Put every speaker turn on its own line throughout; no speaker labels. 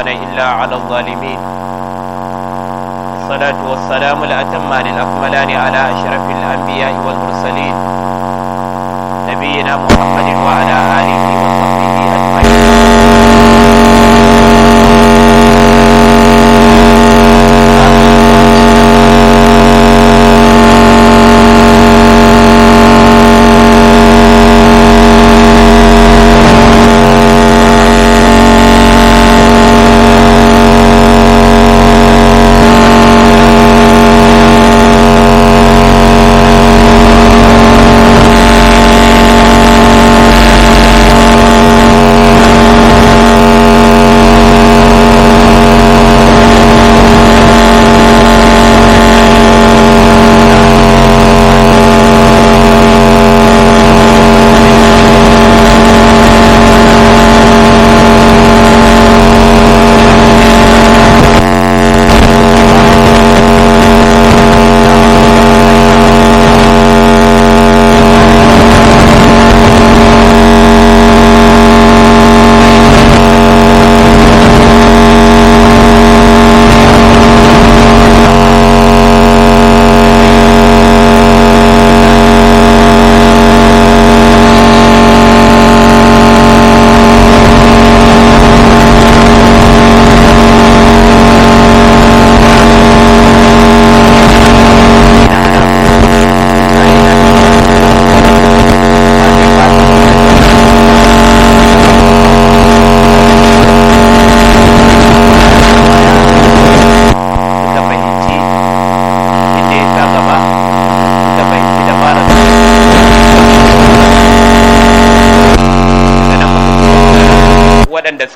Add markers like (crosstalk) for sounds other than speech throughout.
حقا إلا على الظالمين والصلاة والسلام الأتمان الأكملان على أشرف الأنبياء والمرسلين نبينا محمد وعلى آله وصحبه أجمعين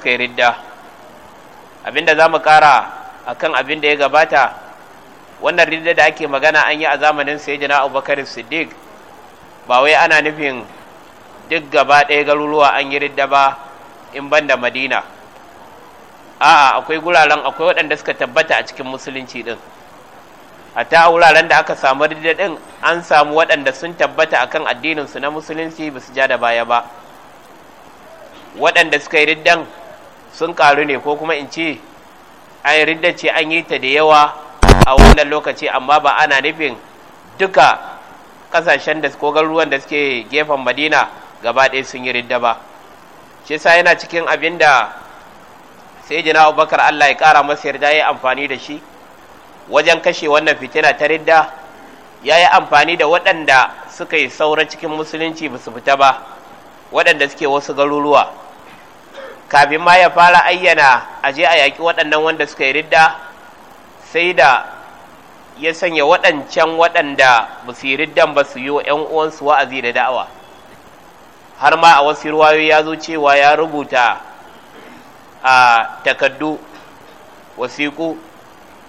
suka yi ridda abinda za mu kara a kan abin da ya gabata wannan ridda da ake magana an yi a zamanin sayyidina abubakar siddiq ba wai ana nufin duk gaba ɗaya garuruwa an yi ridda ba in ban da madina a'a akwai guraren akwai waɗanda suka tabbata a cikin musulunci ɗin a ta wuraren da aka samu ridda ɗin an samu waɗanda sun tabbata akan addininsu na musulunci ba su ja da baya ba waɗanda suka yi riddan sun karu ne ko kuma in ce an ridda ce an yi ta da yawa a wannan lokaci amma ba ana nufin duka kasashen da ko garuruwan da suke gefen madina gaba ɗaya sun yi ridda ba shi sa yana cikin abin da sai jina abubakar allah ya kara masa yarda ya yi amfani da shi wajen kashe wannan fitina ta ridda ya yi amfani da waɗanda suka yi saura cikin musulunci ba su fita ba waɗanda suke wasu garuruwa kafin ma ya fara ayyana a je a yaƙi waɗannan wanda suka yi ridda sai da ya sanya waɗancan waɗanda ba su yi riddan ba su yi wa 'yan uwansu wa'azi da da'awa har ma a wasu ruwayo ya zo cewa ya rubuta a takaddu wasiƙu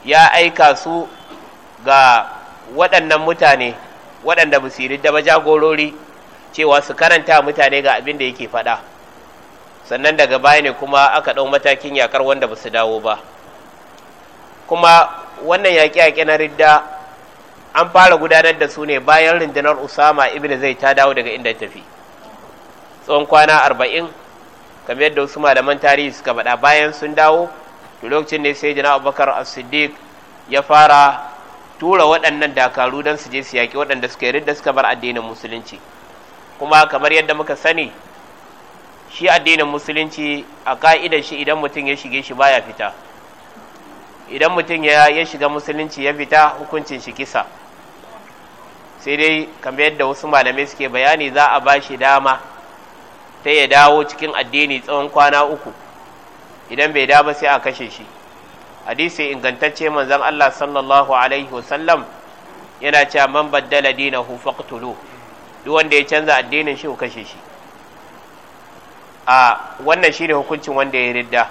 ya aika su ga waɗannan mutane waɗanda ba su yi ridda ba jagorori cewa su karanta mutane ga abin da yake faɗa. sannan daga baya ne kuma aka ɗau matakin yakar wanda ba su dawo ba kuma wannan yaƙi yaƙi na ridda an fara gudanar da su ne bayan rundunar usama ibn zai ta dawo daga inda tafi tsawon kwana arba'in kamar yadda wasu malaman tarihi suka faɗa bayan sun dawo to lokacin ne sai jina abubakar as-siddiq ya fara tura waɗannan dakaru don su je su yaƙi waɗanda suka yi ridda suka bar addinin musulunci kuma kamar yadda muka sani shi addinin musulunci a ka'idar shi idan mutum ya shige shi baya fita idan mutum ya shiga musulunci ya fita hukuncin shi kisa sai dai kamar yadda wasu malamai suke bayani za a ba shi dama ta ya dawo cikin addini tsawon kwana uku idan bai dama sai a kashe shi hadisi ingantacce manzan Allah sallallahu alaihi wasallam yana cewa man baddala dinahu faqtulu duk wanda ya canza addinin shi ku kashe shi a wannan shi ne hukuncin wanda ya ridda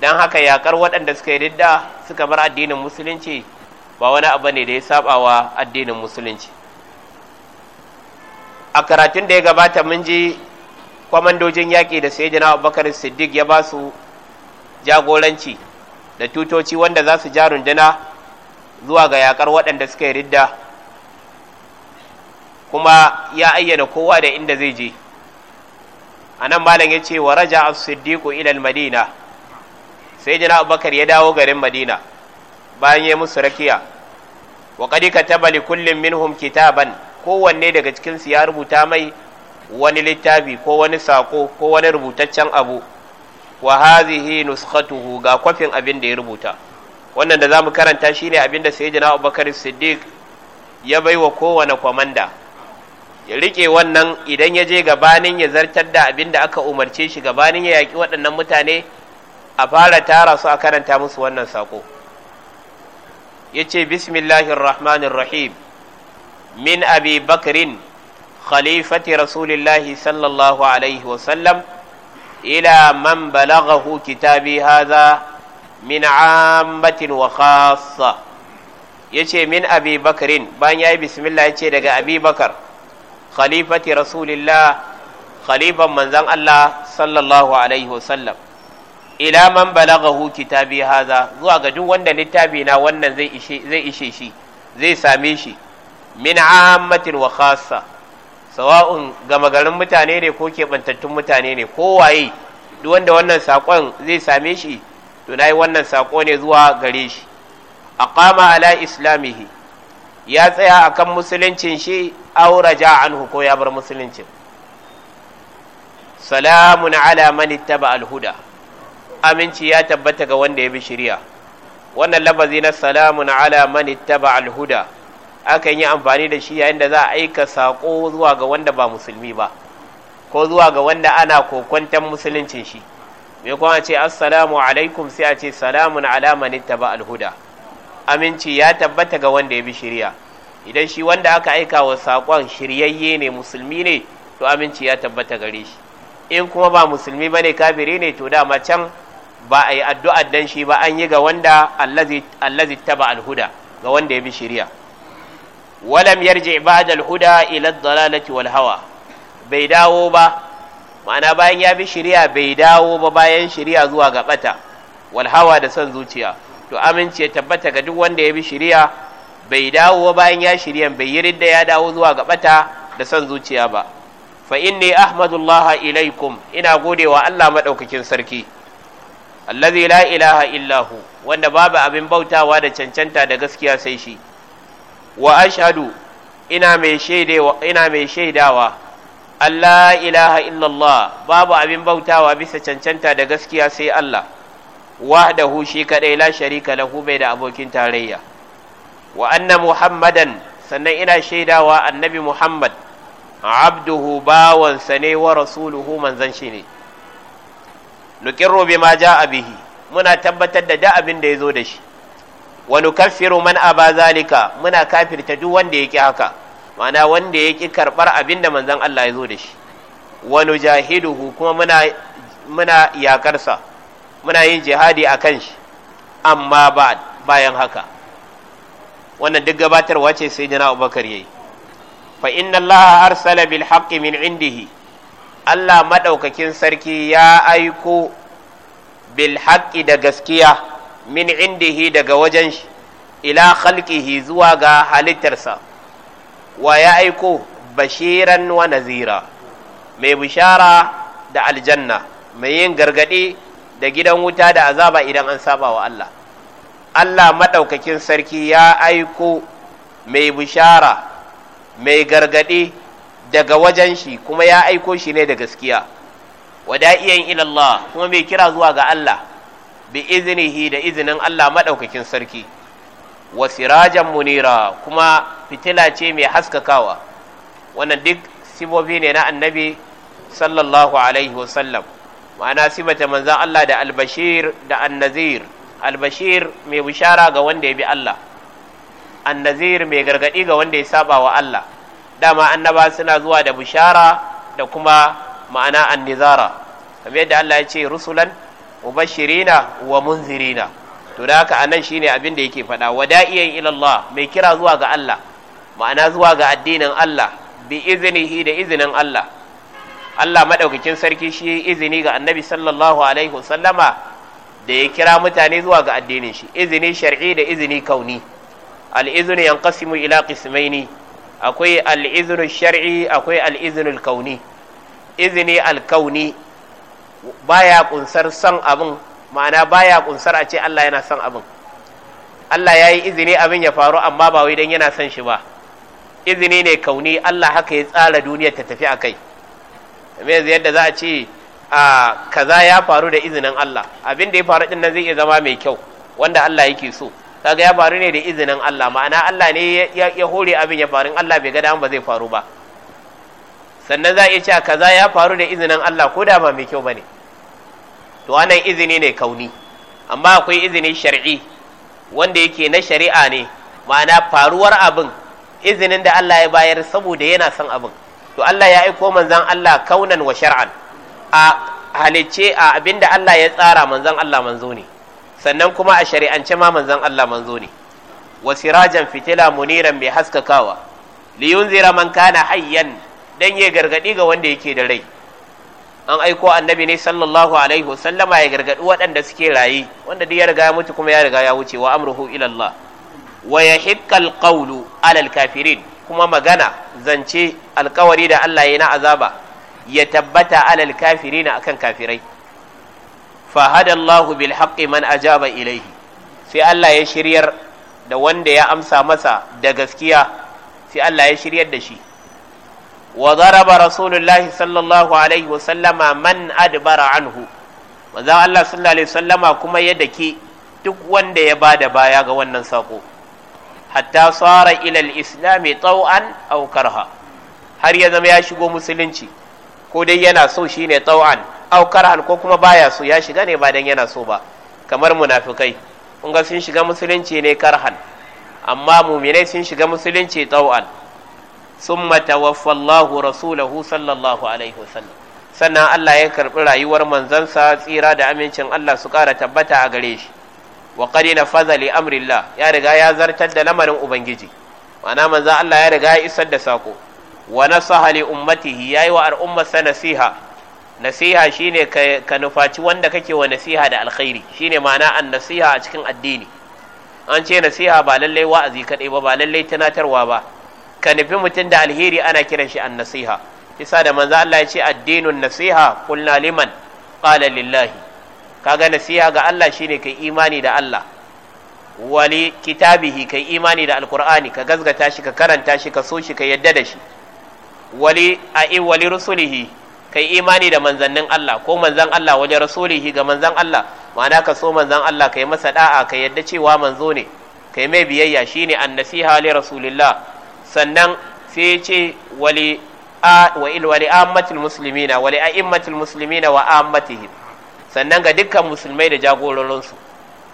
don haka yakar waɗanda suka yi ridda suka bar addinin musulunci ba wani abu ne da ya saba wa addinin musulunci a karatun da ya gabata mun ji kwamandojin yaƙi da sai jana abubakar siddiq ya ba su jagoranci da tutoci wanda za su ja runduna zuwa ga yakar waɗanda suka yi ridda kuma ya ayyana kowa da inda zai je anan malam ya ce wa raja as-siddiq ila al-madina sai jina abubakar ya dawo garin madina bayan ya musu rakiya wa qad kataba li kullin minhum kitaban kowanne daga cikin su ya rubuta mai wani littafi ko wani sako ko wani rubutaccen abu wa hazihi nuskhatuhu ga kwafin abin da ya rubuta wannan da zamu karanta shine abin da sayyidina Abubakar Siddiq ya baiwa kowane komanda ya rike wannan idan ya je gabanin ya zartar da abin da aka umarce shi gabanin ya yaƙi waɗannan mutane a fara tara su a karanta musu wannan saƙo ya ce rahim, min abi bakrin khalifati rasulillahi sallallahu alaihi wasallam ila man balagahu kitabi haza min ammatin wa khassa ya ce min abi bakrin bayan ya yi bismillah ya ce daga abi bakar khalifati rasulillah khalifan manzan Allah sallallahu alaihi wasallam ila man balaghahu kitabi haza zuwa ga duk wanda littafi na wannan zai ishe zai ishe shi zai same shi min ammatin wa khassa sawa'un gama garin mutane ne ko keɓantattun mutane ne ko waye duk wanda wannan saƙon zai same shi to nayi wannan saƙo ne zuwa gare shi aqama ala islamihi ya tsaya a kan musuluncin shi aura ja anhu ko ya bar musuluncin salamun ala man alhuda aminci ya tabbata ga wanda ya bi shirya wannan labazi na salamun ala man alhuda akan yi amfani da shi yayin da za a aika sako zuwa ga wanda ba musulmi ba ko zuwa ga wanda ana kokwantan musuluncin shi me kuma ce assalamu alaikum sai a ce salamun ala man alhuda aminci ya tabbata ga wanda ya bi shirya idan shi wanda aka aika wa saƙon shiryayye ne musulmi ne to aminci ya tabbata gare shi in kuma ba musulmi ba ne kafiri ne to dama can ba a yi addu'ar dan shi ba an yi ga wanda allazi taba alhuda ga wanda ya bi shirya walam yarji ba'da alhuda ila dalalati wal hawa bai dawo ba ma'ana bayan ya bi shirya bai dawo ba bayan shirya zuwa ga bata wal da son zuciya to amince ya tabbata ga duk wanda ya bi shiriya bai dawo bayan ya shirya bai yi ridda ya dawo zuwa ga bata da san zuciya ba fa inni ahmadullah ilaikum ina godewa Allah madaukakin sarki allazi la ilaha illahu wanda babu abin bautawa da cancanta da gaskiya sai shi wa ashhadu ina mai shaidawa ina mai shaidawa Allah ilaha illallah babu abin bautawa bisa cancanta da gaskiya sai Allah wahdahu shi kadai la sharika lahu bai da abokin tarayya wa anna muhammadan sannan ina shaidawa annabi muhammad abduhu bawansa ne wa rasuluhu manzan shi ne nuqirru bima jaa bihi muna tabbatar da da abin da yazo da shi wa nukaffiru man aba zalika muna kafirta duk wanda yake haka mana wanda yake karbar abin da manzon Allah yazo da shi wa nujahiduhu kuma muna muna muna yin jihadi a kan shi amma bayan haka wannan duk gabatarwa ce sai jana abubakar yayi fa inna allaha arsala bil haqqi min indihi allah madaukakin sarki ya aiko bil haqqi da gaskiya min indihi daga wajen shi ila khalqihi zuwa ga halittarsa wa ya aiko bashiran wa nazira mai bishara da aljanna mai yin gargadi da gidan wuta da azaba idan an saba wa Allah Allah maɗaukakin sarki ya aiko mai bishara mai gargaɗi daga wajen shi kuma ya aiko shi ne da gaskiya wada'iyan ilallah kuma mai kira zuwa ga Allah bi iznihi da izinin Allah maɗaukakin sarki Wasirajan munira kuma fitila ce mai haskakawa wannan duk sibobi ne na annabi sallallahu alaihi wasallam ma'ana sifata manzan Allah da albashir da annazir albashir mai bishara ga wanda ya bi Allah annazir mai gargadi ga wanda ya saba wa Allah dama annaba suna zuwa da bishara da kuma ma'ana annizara kamar yadda Allah ya ce rusulan mubashirina wa munzirina to da haka anan shine abin da yake faɗa wada'iyan ila Allah mai kira zuwa ga Allah ma'ana zuwa ga addinin Allah bi iznihi da izinin Allah Allah madaukakin sarki shi yayi izini ga annabi sallallahu alaihi wasallama da ya kira mutane zuwa ga addinin shi izini shar'i da izini kauni al-iznu yanqasimu ila qismaini akwai al-iznu shar'i akwai al-iznu al-kauni izini al-kauni baya kunsar san abin ma'ana baya kunsar a ce Allah yana son abin Allah ya yi izini abin ya faru amma ba wai don yana son shi ba izini ne kauni Allah haka ya tsara duniyar ta tafi a kai me yadda za a ce a kaza ya faru da izinin Allah abin da ya faru din nan zai iya zama mai kyau wanda Allah yake so kaga ya faru ne da izinin Allah ma'ana Allah ne ya hore abin ya faru Allah bai ga ba zai faru ba sannan za a iya cewa kaza ya faru da izinin Allah ko da ba mai kyau bane to wannan izini ne kauni amma akwai izini shar'i wanda yake na shari'a ne ma'ana faruwar abin izinin da Allah ya bayar saboda yana son abin to Allah ya aiko manzan Allah kaunan wa shar'an a halice a abinda Allah ya tsara manzan Allah manzo ne sannan kuma a shari'ance ma manzan Allah manzo ne wa sirajan fitila muniran mai haskakawa liyunzira man kana hayyan dan ya gargadi ga wanda yake da rai an aiko annabi ne sallallahu alaihi wasallama ya gargadi waɗanda suke rayi wanda duk ya riga ya mutu kuma ya riga ya wuce wa amruhu ila Allah wa yahiqqal qawlu alal kafirin kuma magana zance alkawari da Allah ya na azaba ya tabbata alal kafiri na akan kafirai fahadallahu bil haqqi man ajaba ilaihi sai Allah ya shiryar da wanda ya amsa masa da gaskiya sai Allah ya shiryar da shi wa daraba rasulullahi sallallahu alaihi wa sallama man adbara anhu manzo Allah sallallahu alaihi wasallama kuma ya dake duk wanda ya bada baya ga wannan sako hatta tsara ilal islami tau'an aw karha har ya zama ya shigo musulunci ko dai yana so shine tau'an aw karhan ko kuma baya so ya shiga ne ba dan yana so ba kamar munafikai kun ga sun shiga musulunci ne karhan amma muminai sun shiga musulunci tau'an summa tawaffa rasulahu sallallahu alaihi wasallam sannan Allah ya karɓi rayuwar manzansa tsira da amincin Allah su ƙara tabbata a gare shi wa qad fadali amrillah ya riga ya zartar da lamarin ubangiji Mana manzo Allah ya riga ya isar da sako wa nasaha li ummatihi yayi wa al'umma nasiha nasiha shine ka nufaci wanda kake wa nasiha da alkhairi shine ma'ana an nasiha a cikin addini an ce nasiha ba lallai wa'azi kadai ba ba lallai tunatarwa ba ka nufi mutum da alheri ana kiran shi an nasiha isa da manzo Allah ya ce addinun nasiha qulna liman qala lillahi Ka ga nasiha ga Allah shine kai imani da Allah wali kitabihi kai imani da alkur'ani ka gazgata shi ka karanta shi ka so shi ka yadda da shi wali in wali rusulihi kai imani da manzannin Allah ko manzan Allah wajen rasulihi ga manzan Allah ma'ana ka so manzan Allah ka kai masa da'a ka yadda cewa manzo ne kai mai biyayya shine annasiha li rasulillah sannan sai ce wali a wa il wali ammatul muslimina wali a'immatul muslimina wa ammatihim sannan ga dukkan musulmai da jagororinsu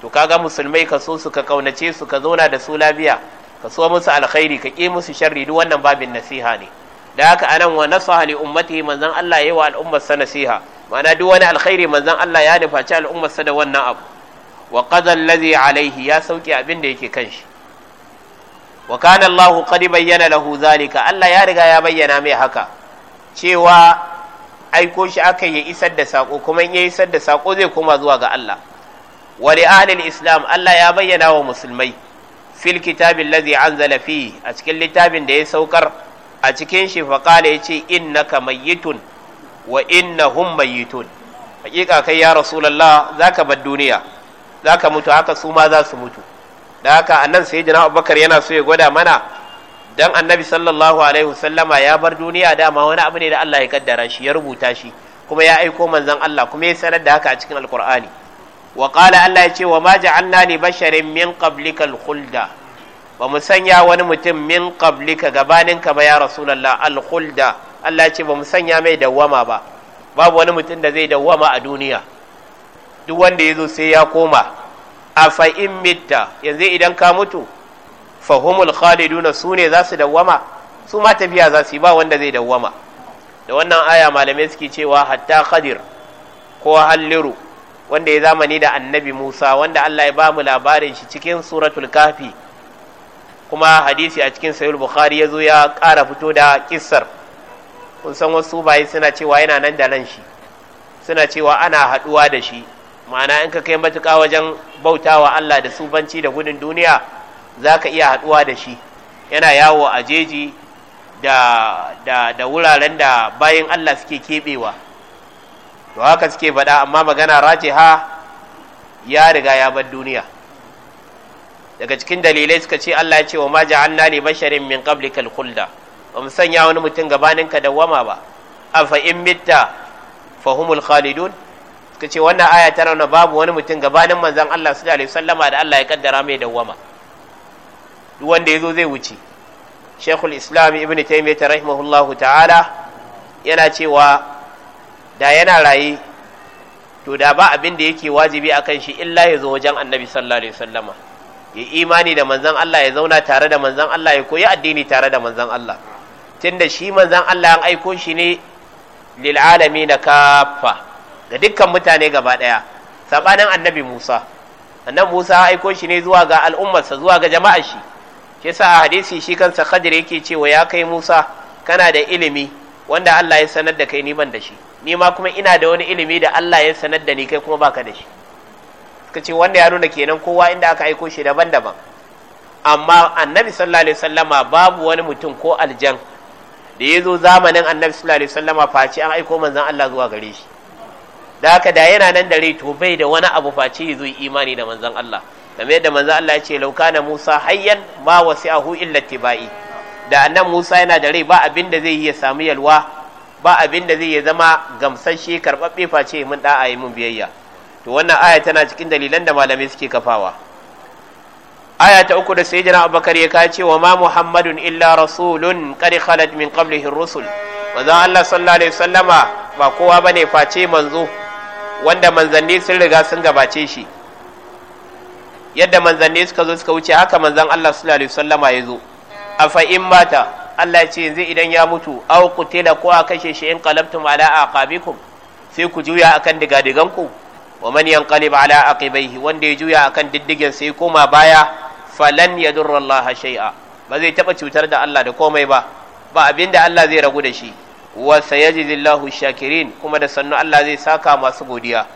to kaga musulmai ka so su ka kaunace su ka zauna da su lafiya ka so musu alkhairi ka ƙi musu sharri duk wannan babin nasiha ne da haka anan wa nasaha li ummatihi manzon Allah yayi wa al'ummar sa nasiha ma'ana duk wani alkhairi manzon Allah ya nufaci al'ummar sa da wannan abu wa qada allazi alaihi ya sauke abin da yake kanshi wa kana Allah qad bayyana lahu zalika Allah ya riga ya bayyana mai haka cewa aiko shi aka ya isar da sako kuma in ya isar da sako zai koma zuwa ga Allah wa li ahli islam Allah ya bayyana wa musulmai fil kitabin allazi anzala fi a cikin littafin da ya saukar a cikin shi fa qala yace innaka mayyitun wa innahum mayyitun hakika kai ya rasulullah zaka bar duniya zaka mutu haka su ma za su mutu da haka annan sayyidina abubakar yana so ya gwada mana dan annabi sallallahu alaihi wasallama ya bar duniya dama wani abu ne da Allah ya kaddara shi ya rubuta shi kuma ya aiko manzon Allah kuma ya sanar da haka a cikin alqur'ani wa qala Allah ya ce wa ma ja'alna li basharin min qablika alkhulda ba mu sanya wani mutum min qablika gabanin ka ba ya rasulullah alkhulda Allah ya ce ba mu sanya mai dawwama ba babu wani mutum da zai dawwama a duniya duk wanda ya zo sai ya koma afa in mitta yanzu idan ka mutu fahumul khaliduna su ne za su dawwama su ma tafiya za su yi ba wanda zai dawwama da wannan aya malamai suke cewa hatta khadir ko halliru wanda ya zamani da annabi musa wanda allah ya ba mu labarin shi cikin suratul kafi kuma hadisi a cikin sayul bukhari ya zo ya ƙara fito da kissar kun san wasu bayi suna cewa yana nan da nan shi suna cewa ana haɗuwa da shi ma'ana in ka kai matuƙa wajen bautawa allah da subanci da gudun duniya za ka iya haɗuwa da shi yana yawo a jeji da, da, da wuraren da bayan Allah suke keɓewa to haka suke faɗa amma magana race ha ya riga ya bar duniya daga cikin dalilai suka ce Allah ya ce wa ma an li basharin min ƙabli kalkulda ba mu sanya wani mutum gabanin ka ba a fa’in mita fahumul khalidun suka ce wannan aya ta nuna babu wani mutum gabanin manzon Allah da alaihi sallama da Allah ya kaddara mai dawwama duk wanda ya zo zai wuce shekul islam ibn taimiyya rahimahullahu ta'ala yana cewa da yana raye to da ba abin da yake wajibi a kan shi illa ya zo wajen annabi sallallahu alaihi wasallama ya imani da manzan Allah ya zauna tare da manzan Allah ya koyi addini tare da manzan Allah tunda shi manzan Allah an aiko shi ne lil alamin kaffa ga dukkan mutane gaba daya sabanin annabi Musa annabi Musa aiko shi ne zuwa ga al'ummarsa zuwa ga jama'ar shi shi yasa a hadisi shi kansa Khadir yake cewa ya kai Musa kana da ilimi wanda Allah ya sanar da kai ni ban da shi ni ma kuma ina da wani ilimi da Allah ya sanar da ni kai kuma baka da shi suka ce wanda ya nuna kenan kowa inda aka aiko shi daban-daban amma annabi sallallahu alaihi wasallama babu wani mutum ko aljan da ya zo zamanin annabi sallallahu alaihi wasallama face an aiko manzon Allah zuwa gare shi da haka da yana nan da rai to bai da wani abu face ya zo imani da manzon Allah game yadda manzo Allah ya ce laukana Musa hayyan ma wasi'ahu illa tibai da annan Musa yana da rai ba abin da zai yi ya samu yalwa ba abin da zai ya zama gamsasshe karɓaɓɓe face mun da yi mun biyayya to wannan aya tana cikin dalilan da malamai suke kafawa aya ta uku da jira Abubakar ya kace wa ma Muhammadun illa rasulun qad khalat min qablihi rusul manzo Allah sallallahu alaihi wasallama ba kowa bane face manzo wanda manzanni sun riga sun gabace shi yadda manzanni suka zo suka wuce haka manzan Allah sallallahu alaihi wasallama ya zo afa in mata Allah ya ce yanzu idan ya mutu aw qutila ko a kashe shi in qalabtum ala aqabikum sai ku juya akan digadigan ku wa man yanqalib ala aqibaihi wanda ya juya akan diddigen sai koma baya falan yadurra Allah shay'a ba zai taba cutar da Allah da komai ba ba abinda Allah zai ragu da shi wa sayajidillahu shakirin kuma da sannu Allah zai saka masu godiya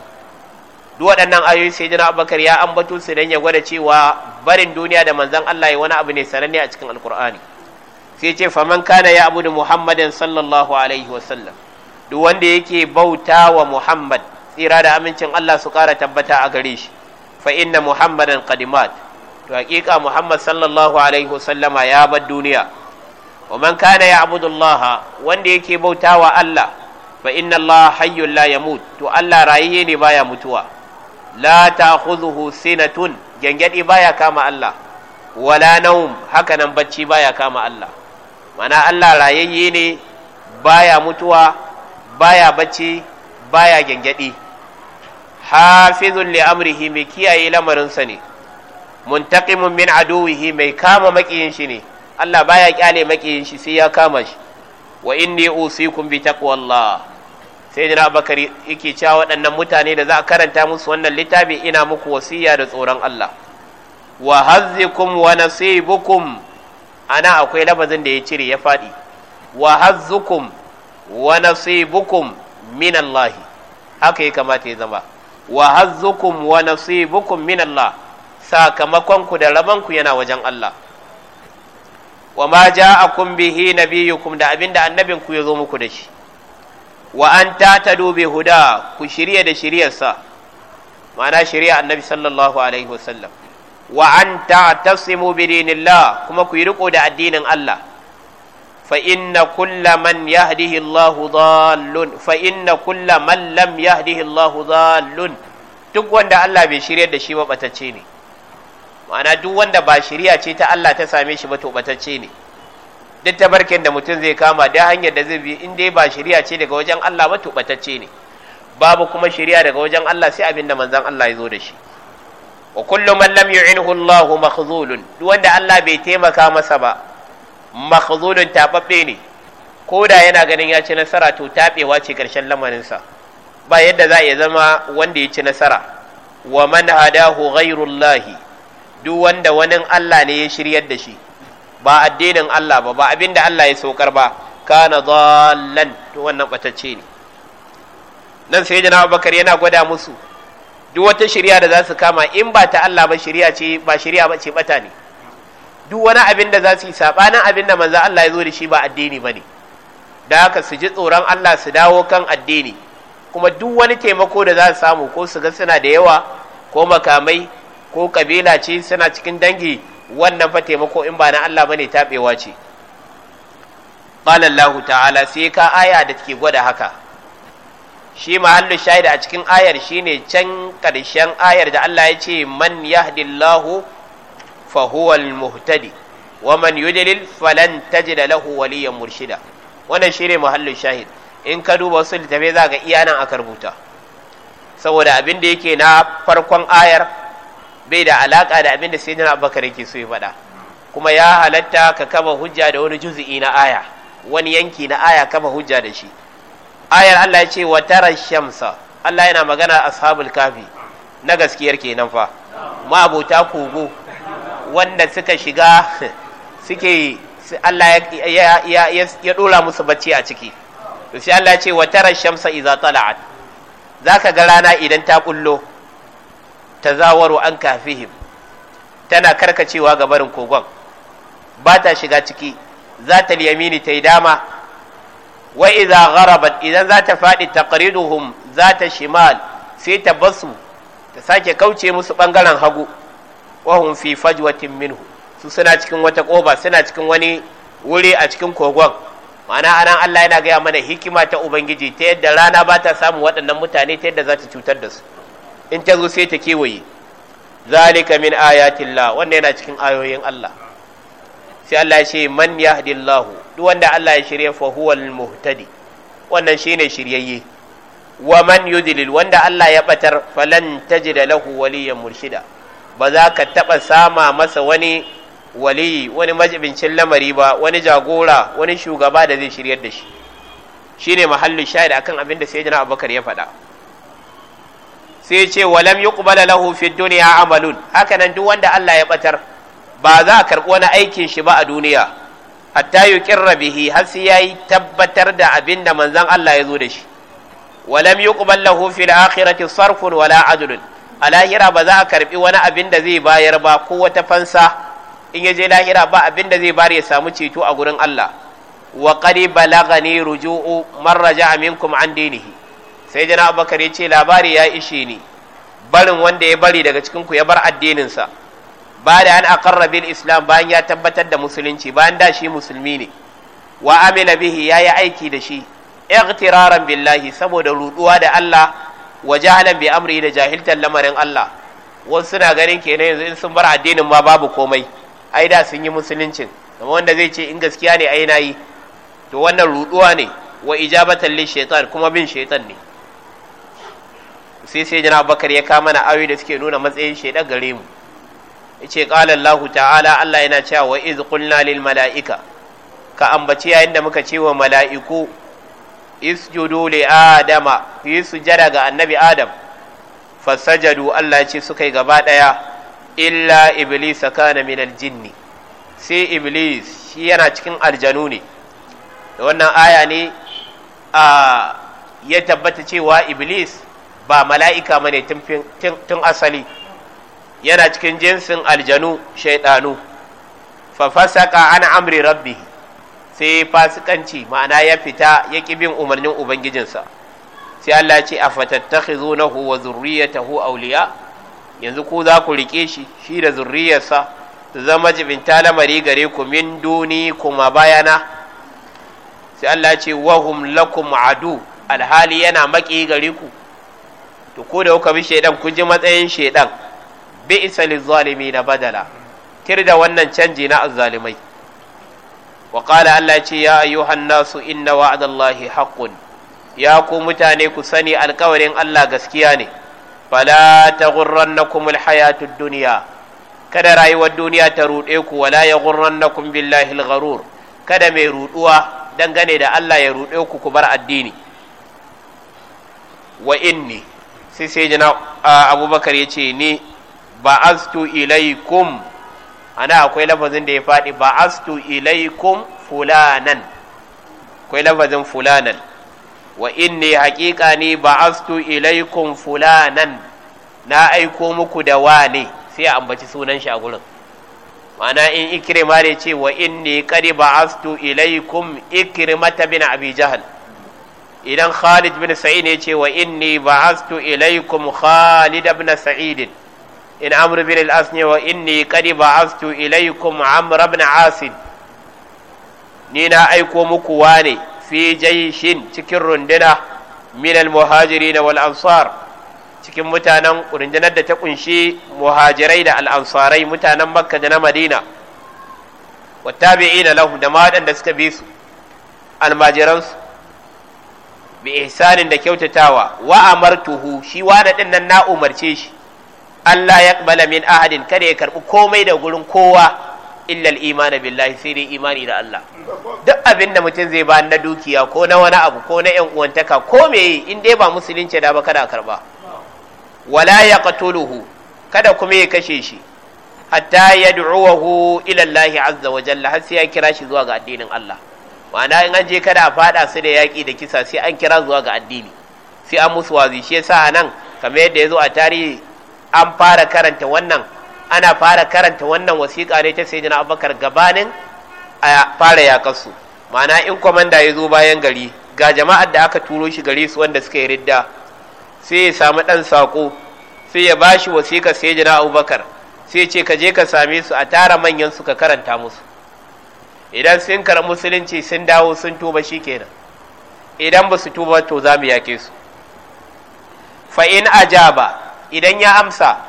duk waɗannan ayoyi sai jina abubakar ya ambato su don ya gwada cewa barin duniya da manzan Allah ya wani abu ne sananne a cikin alkur'ani sai ce faman kana ya abudu muhammadan sallallahu alaihi wasallam duk wanda yake bauta wa muhammad tsira da amincin Allah su ƙara tabbata a gare shi fa inna muhammadan qadimat to haƙiƙa muhammad sallallahu alaihi wasallama ya bar duniya wa man kana ya abudu Allah wanda yake bauta wa Allah fa inna Allah hayyul la yamut to Allah rayiye ne baya mutuwa la ta tun sinatun gangadi baya kama Allah wala naum haka nan bacci baya kama Allah mana Allah rayayye ne baya mutuwa baya bacci baya gangadi hafizun li amrihi mai kiyaye lamarinsa ne muntaqimun min aduwihi mai kama makiyin shi ne Allah baya kyale makiyin shi sai ya kama shi wa inni usikum bi taqwallah sai jina bakari yake cewa waɗannan mutane da za a karanta musu wannan littafi ina muku wasiya da tsoron Allah wa hazzikum wa nasibukum ana akwai labazin da ya cire ya faɗi wa hazzukum wa nasibukum min Allah haka ya kamata ya zama wa hazzukum wa nasibukum min Allah sakamakon ku da raban ku yana wajen Allah wa ma ja'akum bihi nabiyukum da abinda annabinku ya zo muku da shi wa an tatadu huda ku shirya da shiryarsa ma'ana shirya annabi sallallahu alaihi wasallam wa an ta'tasimu bi dinillah kuma ku yi riko da addinin Allah fa inna kulla man yahdihi Allah dallun fa inna kulla man lam yahdihi Allah duk wanda Allah bai shirya da shi ba batacce ne ma'ana duk wanda ba shirya ce ta Allah ta same shi ba to batacce ne duk tabarkin da mutum zai kama da hanyar da zai bi in dai ba shari'a ce daga wajen Allah ba tubatacce ne babu kuma shari'a daga wajen Allah sai abin da manzon Allah ya zo da shi wa kullu man lam yu'inhu Allah makhzulun duk wanda Allah bai taimaka masa ba makhzulun tababbe ne ko da yana ganin ya ci nasara to tabewa ce karshen lamarin sa ba yadda za ya zama wanda ya ci nasara wa man hadahu ghayrullahi duk wanda wani Allah ne ya shiryar da shi ba addinin Allah ba ba abin da Allah ya saukar ba kana dhallan to wannan batacce ne nan sai jana Abubakar yana gwada musu duk wata shari'a da za su kama in ba ta Allah ba shari'a ce ba shari'a ba ce bata ne duk wani abin da za su yi sabanin abin da manzo Allah ya zo da shi ba addini bane da haka su ji tsoron Allah su dawo kan addini kuma duk wani taimako da za su samu ko su ga suna da yawa ko makamai ko kabila ce suna cikin dangi wannan fa taimako in ba na Allah bane taɓewa ce qala Allah ta'ala sai ka aya da take gwada haka shi mahallu shahida a cikin ayar shine can karshen ayar da Allah ya ce man yahdillahu fa huwa almuhtadi wa man yudlil falan tajid lahu waliyan murshida wannan shine mahallu shahid in ka duba wasu littafai za ka iya nan aka rubuta saboda abin da yake na farkon ayar bai da alaka da abin da na abubakar yake so ya faɗa kuma ya halatta ka kama hujja da wani juz'i na aya wani yanki na aya kama hujja da shi ayar Allah ya ce wa tara shamsa Allah yana magana ashabul kafi na gaskiyar kenan fa abota kogo wanda suka shiga (laughs) suke Allah ya dora musu bacci a ciki to sai Allah ya ce wa tara shamsa iza tala'at zaka ga rana idan ta kullo tazawaru an kafihim tana karkacewa ga barin kogon ba ta shiga ciki za ta yamini ta yi dama wa iza gharabat idan za ta faɗi taqriduhum za ta shimal sai ta basu ta sake kauce musu bangaren hagu wa hum fi fajwatin minhu su suna cikin wata koba suna cikin wani wuri a cikin kogon ma'ana anan Allah yana gaya mana hikima ta ubangiji ta yadda rana ba ta samun waɗannan mutane ta yadda za ta cutar da su in ta zo sai ta kewaye zalika min ayatillah wannan yana cikin ayoyin Allah sai Allah ya ce man yahdillahu duk wanda Allah ya shirye fa huwa almuhtadi wannan shine shiryayye wa man yudlil wanda Allah ya batar falan tajid lahu waliyan murshida ba za ka taba sama masa wani wali wani majibincin lamari ba wani jagora wani shugaba da zai shiryar da shi shine mahallin shahid akan abin da sayyidina Abubakar ya faɗa sai ce walam yuqbala lahu fid dunya amalun haka nan duk wanda Allah ya batar ba za a karɓi wani aikin shi ba a duniya hatta yuqirra bihi har sai yi tabbatar da abin da manzon Allah ya zo da shi walam yuqbal lahu fil akhirati sarfun wala adunin a lahira ba za a karɓi wani abin da zai bayar ba ko wata fansa in ya je lahira ba abin da zai bari ya samu ceto a gurin Allah wa qad balagani ruju'u man raja'a minkum an dinihi sai jana Bakar ya ce labari ya ishe ni barin wanda ya bari daga cikin ku ya bar addininsa ba da an akarra bil islam bayan ya tabbatar da musulunci bayan da shi musulmi ne wa amila bihi ya yi aiki da shi igtiraran billahi saboda ruduwa da Allah wa jahalan bi amri da jahiltan lamarin Allah wasu suna ganin kenan yanzu in sun bar addinin ma babu komai ai da sun yi musuluncin kuma wanda zai ce in gaskiya ne ai nayi to wannan ruduwa ne wa ijabatan lil shaitan kuma bin shaitan ne sai sai jana bakar ya kama na awi da suke nuna matsayin shaidar gare mu yace lahu Allahu ta'ala Allah yana cewa wa iz qulna lil mala'ika ka ambaci yayin da muka ce wa mala'iku judu li adama yi jara ga annabi adam fasajadu Allah ya ce suka yi gaba ɗaya. illa iblis kana min jinni sai iblis shi yana cikin aljanu ne da wannan aya ne a ya tabbata cewa iblis ba mala'ika ne tun asali yana cikin jinsin aljanu shaidanu fa fasaka ana amri rabbi sai fasikanci ma'ana ya fita ya bin umarnin ubangijinsa sai Allah ce a fatattaki afatattakhizunahu wa zurriyatahu auliya yanzu ku za ku rike shi shi da zurriyarsa su zama jibinta lamari gare ku min duni kuma bayana sai Allah ce wahum lakum adu alhali yana maki gare ku to ko da kuka bi shaidan ku ji matsayin shaidan bi isa zalimi na badala tir da wannan canji na azzalimai wa qala Allah ya ce ya ayyuhan nasu inna wa'adallahi haqqun ya ku mutane ku sani alkawarin Allah gaskiya ne fala taghurrannakum alhayatud dunya kada rayuwar duniya ta rude ku wala yaghurrannakum billahi algharur kada mai ruduwa dangane da Allah ya rude ku ku bar addini wa inni sai sai jina abubakar ya ce ni ba astu ilaikum ana akwai lafazin da ya faɗi ba astu ilaikum fulanan akwai lafazin fulanan wa inni haƙiƙa ni ba astu ilaikum fulanan na aiko muku da wa ne sai a ambaci sunan shi a gurin ma'ana in ikirma ne ce wa inni qad ba'astu ilaikum ikrimata bin abi jahal idan Khalid bin Sa'id ya ce wa inni ba'astu ilaikum Khalid bin Sa'id in Amr bin al-As ne wa inni qad ba'astu ilaikum Amr bin Asid ni na aiko muku wane fi jayshin cikin runduna min al-muhajirin wal ansar cikin mutanen rundunar da ta kunshi muhajirai da al-ansarai mutanen Makka da na Madina wa tabi'ina lahu da ma da suka bi su almajiransu bi ihsanin da kyautatawa wa amartuhu shi wani din nan na umarce shi Allah ya kbala min ahadin kada ya karbi komai da gurin kowa illa al-imani billahi sai dai imani da Allah duk abin da mutum zai ba na dukiya ko na wani abu ko na yan uwantaka ko meye in dai ba musulunci da ba kada karba wala ya yaqtuluhu kada kuma ya kashe shi hatta yad'uhu ila Allah azza wa jalla har sai ya kira shi zuwa ga addinin Allah ma'ana in an je kada a fada su da yaƙi da kisa sai an kira zuwa ga addini sai an musu wazi shi yasa a nan kamar yadda ya zo a tarihi an fara karanta wannan ana fara karanta wannan wasiƙa ne ta sayyidina abubakar gabanin a fara yakarsu ma'ana in kwamanda ya zo bayan gari ga jama'ar da aka turo shi garisu, su wanda suka yi ridda sai ya samu ɗan saƙo sai ya bashi wasiƙa sayyidina abubakar sai ce ka je ka same su a tara manyan su ka karanta musu idan sun kara musulunci sun dawo sun tuba shi kenan idan ba su tuba to za mu yake su Fa'in in ajaba idan ya amsa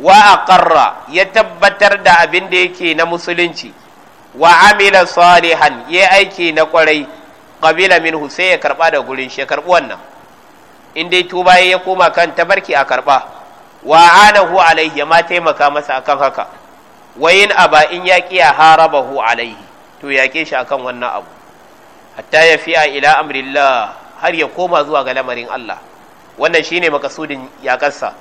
wa aqarra ya tabbatar da abin da yake na musulunci wa amila salihan ya aiki na kwarai qabila minhu sai ya karba da gurin shi karɓi wannan in dai tuba ya koma kan tabarki a karba wa anahu alaihi ya ma taimaka masa akan haka wayin aba in ya haraba harabahu alaihi to yaƙe shi akan wannan abu hatta ya fiya ila amrillah har ya koma zuwa ga lamarin Allah wannan shine makasudin yaƙarsa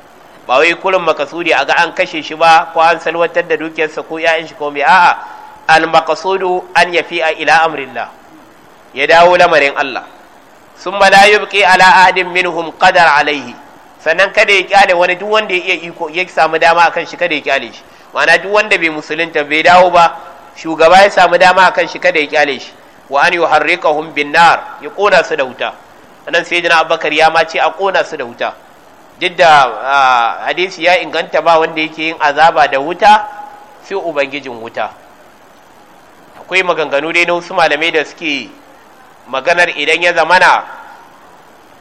ba wai kullum makasudi a ga an kashe shi ba ko an salwatar da dukiyarsa ko ya'yan shi ko me a'a al maqsudu an a ila amrillah ya dawo lamarin Allah Sun summa la yubqi ala ahadin minhum qadar alaihi sannan kada ya kyale wani duk wanda ya iya iko ya samu dama akan shi kada ya kyale shi ma'ana duk wanda bai musulunta bai dawo ba shugaba ya samu dama kan shi kada ya kyale shi wa an yi yuharriqahum bin nar ya kona su da wuta sai jina abubakar ya mace a kona su da wuta duk da hadisi ya inganta ba wanda yake yin azaba da wuta sai ubangijin wuta akwai maganganu dai na wasu malamai da suke maganar idan ya zamana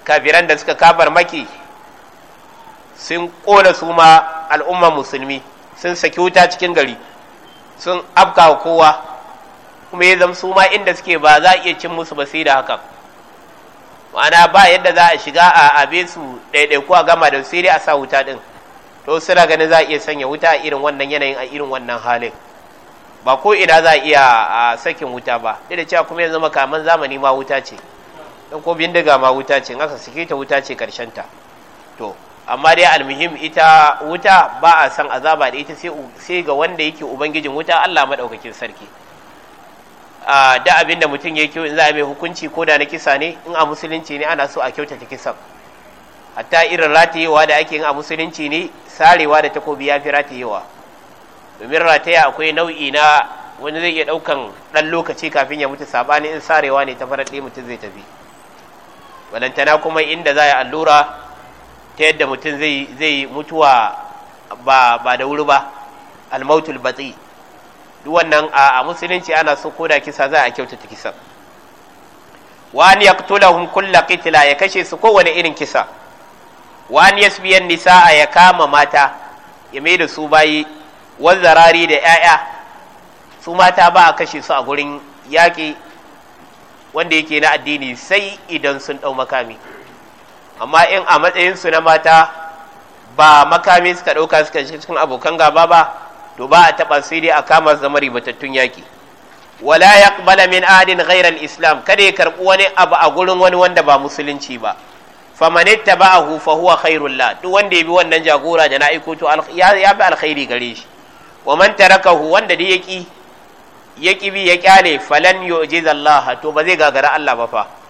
kafiran da suka kafar maki sun kona su ma al'umma musulmi sun saki wuta cikin gari sun afka kowa kuma ya zama su ma inda suke ba za a iya cin musu ba sai da haka ma'ana ba yadda za a shiga a abe su ɗaiɗaiku a gama da sai dai a sa wuta ɗin to suna ganin za a iya sanya wuta a irin wannan yanayin a irin wannan halin ba ko ina za a iya a sakin wuta ba duk da cewa kuma yanzu makaman zamani ma wuta ce dan ko bindiga ma wuta ce in aka ta wuta ce karshen ta to amma dai almuhim ita wuta ba a san azaba da ita sai ga wanda yake ubangijin wuta Allah madaukakin sarki da abin da mutum yake in za a mai hukunci ko da na kisa ne in a musulunci ne ana so a kyautata kisa hatta irin ratayewa da ake yin a musulunci ne sarewa da takobi ya fi ratayewa domin rataya akwai nau'i na wani zai iya ɗaukan ɗan lokaci kafin ya mutu sabani in sarewa ne ta farar mutum zai tafi balantana kuma inda za a allura ta yadda mutum zai mutuwa ba da wuri ba almautul batsi duk wannan a musulunci ana so koda kisa za a kyautata kisa wani ya tulahun kitila ya kashe su kowane irin kisa wani ya biyan nisa'a ya kama mata ya mai da su bayi wazzarari da 'ya'ya su mata ba a kashe su a gurin yaƙi wanda yake na addini sai idan sun ɗau makami amma in a matsayinsu na mata ba makami suka ɗauka suka shi cikin abokan gaba ba to ba a taɓa sai dai a kama zama ribatattun yaƙi wala ya min adin ghairal islam kada ya karɓi wani abu a gurin wani wanda ba musulunci ba ba a fa huwa khairul la duk wanda ya bi wannan jagora da na aiko to ya bi alkhairi gare shi wa man tarakahu wanda da ya yaki bi ya kyale falan yu'jiz Allah to ba zai gagara Allah ba fa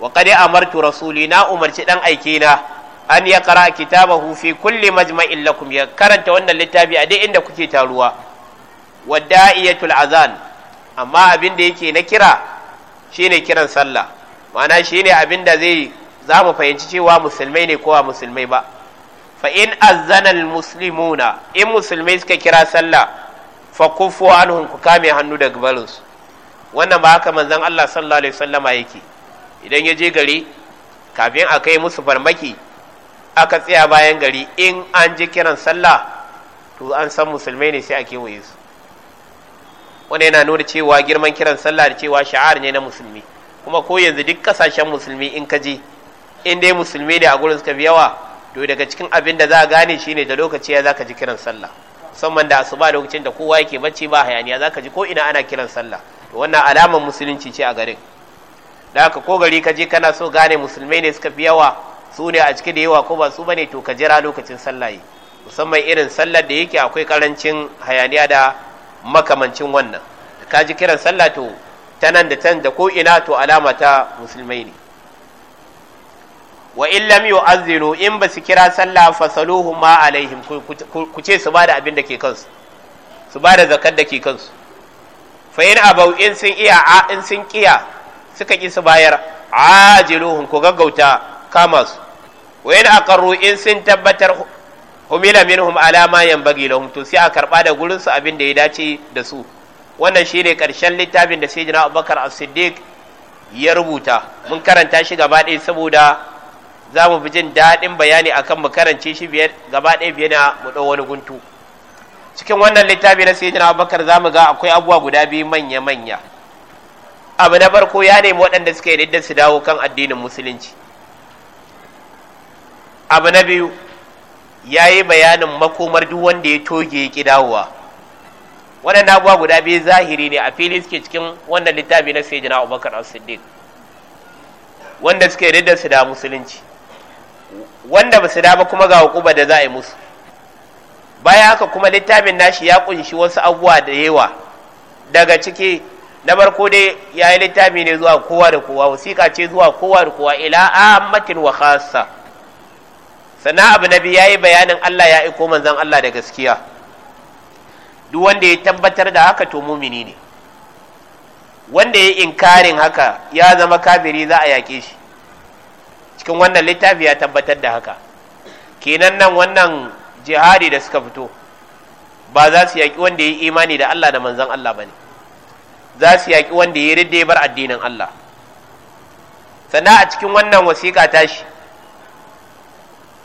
wa qad amartu rasuli na umarci dan aike na an ya a kitabahu fi kulli majma'in lakum ya karanta wannan littafi a da inda kuke taruwa wa da'iyatul azan amma abin da yake na kira shine kiran sallah ma'ana shine abin da zai za mu fahimci cewa musulmai ne kowa musulmai ba fa in azzana muslimuna in musulmai suka kira sallah fa kufu anhum ku kame hannu daga barinsu wannan ba haka manzon Allah sallallahu alaihi wasallama yake idan ya je gari kafin a kai musu farmaki aka tsaya bayan gari in an ji kiran sallah to an san musulmai ne sai a kewaye su wani yana nuna cewa girman kiran sallah da cewa sha'ar ne na musulmi kuma ko yanzu duk kasashen musulmi in ka je in dai musulmi ne a gurin suka fi yawa to daga cikin abin da za a gane ne da lokaci ya zaka ji kiran sallah musamman da asuba lokacin da kowa yake bacci ba hayaniya zaka ji ko ina ana kiran sallah to wannan alamar musulunci ce a garin da haka ko gari ka je kana so gane musulmai ne suka fi yawa su ne a ciki da yawa ko ba su bane to ka jira lokacin sallah musamman irin sallar da yake akwai karancin hayaniya da makamancin wannan ka ji kiran sallah to ta nan da can da ko ina to alama ta musulmai ne wa in lam yu'azzinu in ba su kira sallah fasaluhu ma alaihim ku ce su bada abin da ke kansu su bada zakat da ke kansu fa in abau in sun iya a in sun kiya suka ƙi su bayar ajiluhum ko gaggauta kama su wa a aqarru in sun tabbatar humila minhum alama ma yanbaghi lahum to sai a karba da gurin su abin da ya dace da su wannan shine karshen littafin da sayyidina Abubakar As-Siddiq ya rubuta mun karanta shi gaba ɗaya saboda za mu fi jin daɗin bayani akan mu karance shi gaba ɗaya biye na mu ɗau wani guntu cikin wannan littafi na sayyidina Abubakar za mu ga akwai abubuwa guda biyu manya-manya abu na farko ya nemi waɗanda suka yarda su dawo kan addinin musulunci abu na biyu ya yi bayanin makomar duk wanda ya toge ya ƙi dawowa waɗanda abuwa guda biyu zahiri ne a fili suke cikin wannan littafi na sai jina abubakar siddiq wanda suka yarda su da musulunci wanda ba su da ba kuma ga hukuma da za a yi musu Baya haka kuma littafin nashi ya kunshi wasu abubuwa da yawa daga ciki na farko dai ya yi littafi ne zuwa kowa da kowa wasiƙa ce zuwa kowa da kowa ila ammatin wa khassa sannan abu na biyu ya yi bayanin Allah ya iko manzan Allah da gaskiya duk wanda ya tabbatar da haka to mumini ne wanda ya inkarin haka ya zama kafiri za a yaƙe shi cikin wannan littafi ya tabbatar da haka kenan nan wannan jihadi da suka fito ba za su yaƙi wanda ya yi imani da Allah da manzan Allah ba ne za su yaƙi wanda ya yi ya bar addinin Allah sanda a cikin wannan wasiƙa tashi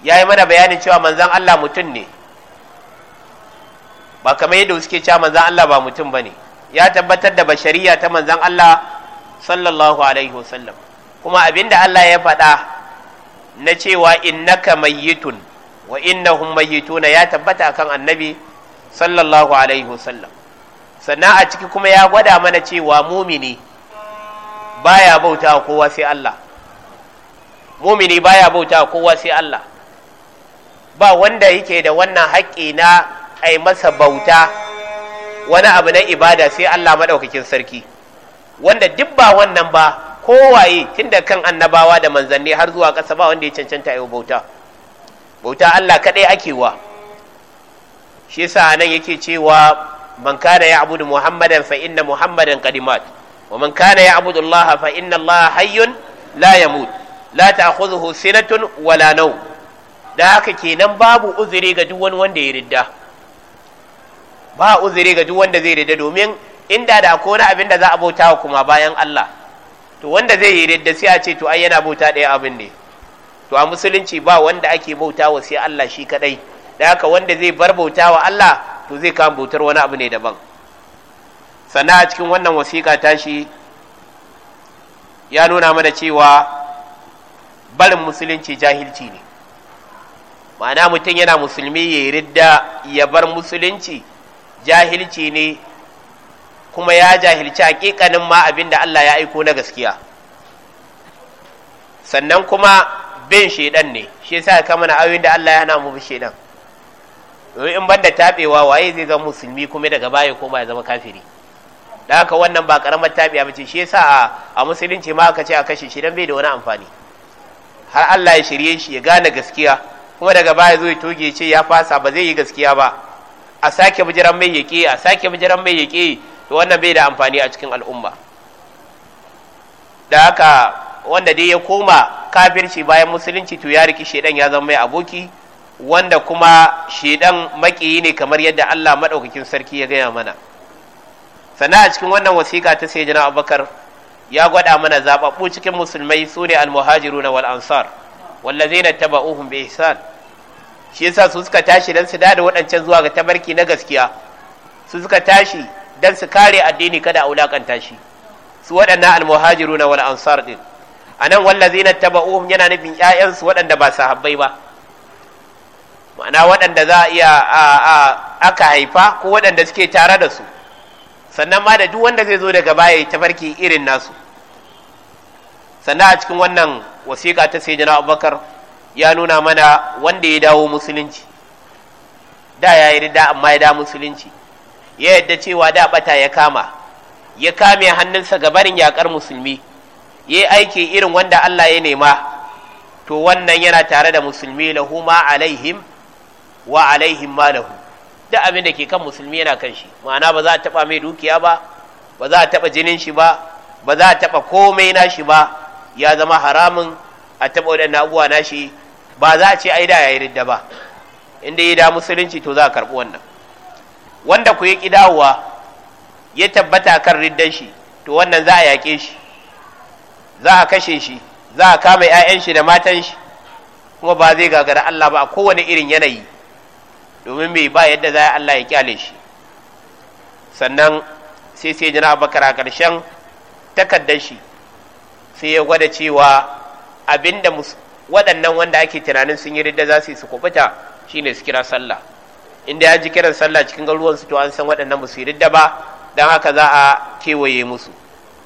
ya yi mana bayanin cewa manzan Allah mutum ne ba kamar yadda suke cewa manzan Allah ba mutum ba ne ya tabbatar da bashariya ta manzan Allah sallallahu alaihi wasallam kuma abinda Allah ya faɗa na cewa innaka mayyitun wa innahum mayyituna ya tabbata akan annabi sallallahu alaihi wasallam sannan a ciki kuma ya gwada mana cewa mumini baya bauta kowa sai Allah mumini baya bauta kowa sai Allah ba wanda yake da wannan haƙƙi na ai masa bauta wani abu na ibada sai Allah maɗaukakin sarki wanda duk ba wannan ba kowaye tun da kan annabawa da manzanni har zuwa ƙasa ba wanda ya cancanta yau bauta bauta Allah kaɗai akewa. wa shi yasa nan yake cewa man kana ya'budu muhammadan fa inna muhammadan qad mat wa man kana ya'budu allaha fa inna allaha hayyun la yamut la ta'khudhuhu sinatun wala da haka kenan babu uziri ga duk wani wanda ridda ba uziri ga duk wanda zai ridda domin inda da ko na abin da za a bauta kuma bayan Allah to wanda zai yi ridda sai a ce to ai yana bauta ɗaya abin ne to a musulunci ba wanda ake bauta wa sai Allah shi kadai da haka wanda zai bar bauta wa Allah to zai kama bautar wani abu ne daban sannan a cikin wannan wasiƙa tashi ya nuna mana cewa barin musulunci jahilci ne ma'ana mutum yana musulmi ya yi ridda ya bar musulunci jahilci ne kuma ya jahilci hakikanin ma abin da Allah ya aiko na gaskiya sannan kuma bin shaidan ne shi sa kama mana ayoyin da Allah ya hana mu bi shaidan in ban da taɓewa, waye zai zama musulmi kuma daga baya koma ya zama kafiri da haka wannan ba karamar tabiya ce shi yasa a musulunci ma aka ce a kashe shi dan bai da wani amfani har Allah ya shirye shi ya gane gaskiya kuma daga baya zo ya toge ce ya fasa ba zai yi gaskiya ba a sake bijiran mai yake a sake bijiran mai yake to wannan bai da amfani a cikin al'umma da haka wanda dai ya koma kafirci bayan musulunci to ya riki shedan ya zama mai aboki wanda kuma shedan makiyi ne kamar yadda Allah maɗaukakin sarki ya gaya mana sana a cikin wannan wasiƙa ta sai jana abubakar ya gwada mana zaɓaɓɓu cikin musulmai su ne almuhajiru na wal'ansar zai na taɓa uhun bai ihsan shi yasa su suka tashi don su da waɗancan zuwa ga tabarki na gaskiya su suka tashi don su kare addini kada a wulaƙanta shi su waɗannan almuhajiru na wal'ansar ɗin a nan zai na taɓa uhun yana nufin ‘ya'yansu waɗanda ba sahabbai ba ma'ana waɗanda za a iya aka haifa ko waɗanda suke tare da su sannan ma da duk wanda zai zo daga baya ya tafarki irin nasu sannan a cikin wannan wasiƙa ta sai jana abubakar ya nuna mana wanda ya dawo musulunci da ya yi da amma ya da musulunci ya yadda cewa da bata ya kama ya kame hannunsa gabarin yakar musulmi ya aiki irin wanda Allah ya nema to wannan yana tare da musulmi lahuma alaihim wa alaihim malahu duk abin da ke kan musulmi yana kan shi ma'ana ba za a taba mai dukiya ba ba za a taba jinin shi ba ba za a taba komai na shi ba ya zama haramun a taba waɗannan abubuwa na shi ba za a ce ai da yi ridda ba inda ya da musulunci to za a karɓi wannan wanda ku yi ƙi ya tabbata kan riddan shi to wannan za a yaƙe shi za a kashe shi za a kama 'ya'yan shi da matan shi kuma ba zai gagara Allah ba a kowane irin yanayi domin mai ba yadda za Allah ya kyale shi sannan sai sai jina bakar a ƙarshen takardar shi sai ya gwada cewa abinda waɗannan wanda ake tunanin sun yi ridda za su yi su kubuta shine su kira sallah inda ya ji kiran sallah cikin garuruwan su to an san waɗannan musu ridda ba don haka za a kewaye musu